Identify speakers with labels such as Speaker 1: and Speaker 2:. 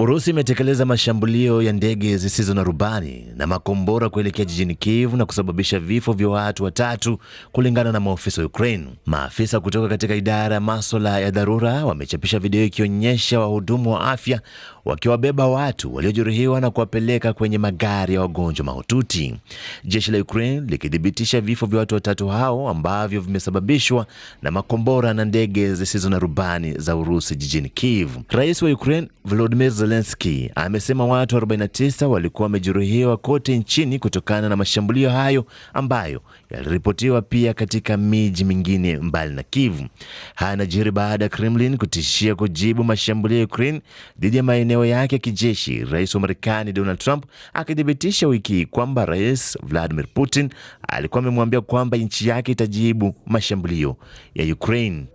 Speaker 1: Urusi imetekeleza mashambulio ya ndege zisizo na rubani na makombora kuelekea jijini Kiev na kusababisha vifo vya watu watatu kulingana na maofisa wa Ukraine. Maafisa kutoka katika idara ya maswala ya dharura wamechapisha video ikionyesha wahudumu wa afya wakiwabeba watu waliojeruhiwa na kuwapeleka kwenye magari ya wagonjwa mahututi. Jeshi la Ukraine likithibitisha vifo vya watu watatu hao ambavyo vimesababishwa na makombora na ndege zisizo na rubani za Urusi jijini Kiev. Rais wa Ukraine Volodymyr Zelensky amesema watu 49 walikuwa wamejeruhiwa kote nchini kutokana na mashambulio hayo ambayo yaliripotiwa pia katika miji mingine mbali na kivu Haya yanajiri baada ya Kremlin kutishia kujibu mashambulio ya Ukraine dhidi ya maeneo yake ya kijeshi, rais wa Marekani Donald Trump akithibitisha wiki hii kwamba Rais Vladimir Putin alikuwa amemwambia kwamba nchi yake itajibu mashambulio ya Ukraine.